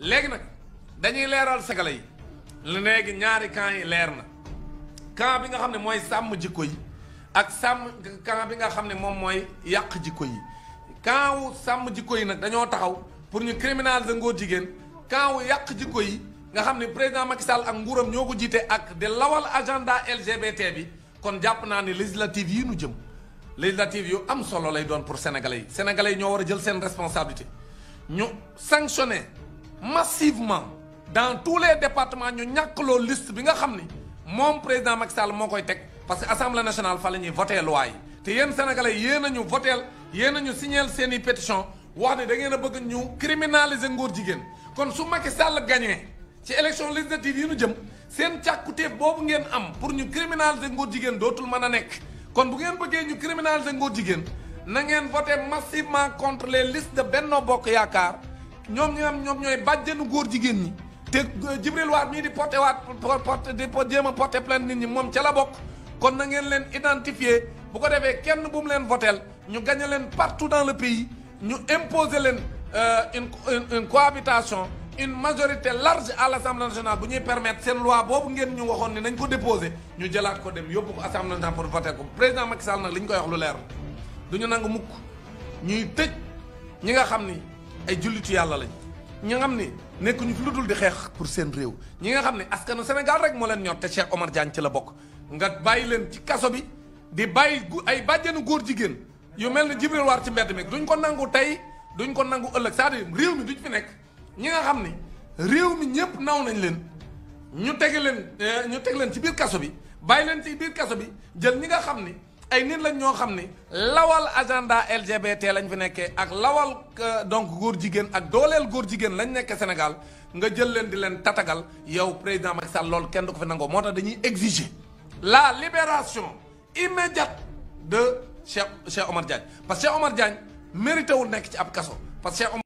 léegi nag dañuy leeral segale yi léegi ñaari camp yi leer na camp bi nga xam ne mooy sàmm jikko yi ak sàmm camp bi nga xam ne moom mooy yàq jikko yi camp wu sàmm jikko yi nag dañoo taxaw pour ñu criminaliser ngóor jigéen camp wu yàq jikko yi nga xam ne président Macky Sall ak nguuram ñoo ko jiitee ak di lawal agenda LGBT bi kon jàpp naa ne législative yi nu jëm législative yu am solo lay doon pour sénégalais yi sénégalais yi ñoo war a jël seen responsabilité ñu sanctionner. massivement dans tous les départements ñu ñàkkloo liste bi nga xam ni moom président Macky Sall moo koy teg parce que assemblée nationale fa la ñuy voté loi yi te yéen sénégalais yéen a ñu voté yéen a ñu signé seen i pétition wax ne da ngeen a bëgg ñu criminaliser ngóor jigéen kon su Macky Sall gagné ci élection législative yi ñu jëm seen càkkutéef boobu ngeen am pour ñu criminaliser ngóor jigéen dootul mën a nekk kon bu ngeen bëggee ñu criminaliser ngóor jigéen na ngeen voté massivement contre les listes de Bokk Yaakaar. ñoom ñu am ñoom ñooy bàjjenu góor jigéen ñi te euh, Jibril Waar mii di porté waat porté di jéem a porté plainte nit ñi moom ca la bokk kon na ngeen leen identifier bu ko defee kenn bu mu leen voteel ñu gagné leen partout dans le pays ñu imposer leen euh, une une cohabitation une majorité large à l' assemblée nationale bu ñuy permettre seen loi boobu ngeen ñu waxoon ni nañ ko déposé ñu jëlaat ko dem yóbbu ko assemblée nationale pour voté ko président Macky Sall nag li ko koy wax lu leer du ñu nangu mukk ñuy tëj ñi nga xam ni. ay jullitu yàlla lañ ñi nga xam ne nekkuñu fi lu dul di xeex pour seen réew ñi nga xam ne askanu Sénégal rek moo leen ñor te Cheikh Omar Diagne ci la bokk nga bàyyi leen ci kaso bi di bàyyi ay bàjjenu góor jigéen yu mel ne Jibril Waar ci mbedd mi duñ ko nangu tey duñ ko nangu ëllëg c'est-à-dire réew mi duñ fi nekk ñi nga xam ne réew mi ñëpp naw nañ leen ñu teg leen euh, ñu teg leen ci biir kaso bi bàyyi leen ci biir kaso bi jël ñi nga xam ni ay nit lañ ñoo xam ni lawal agenda LGBT lañ fi nekkee ak lawal euh, donc góor jigéen ak dooleel góor jigéen lañ nekkee Sénégal nga jël leen di leen tatagal yow président Macky Sall loolu kenn du ko fi nangoo moo tax dañuy exiger la libération immédiate de Cheikh Cheikh Omar Diagne parce que Omar Diagne mérité wul nekk ci ab kaso parce que Cheikh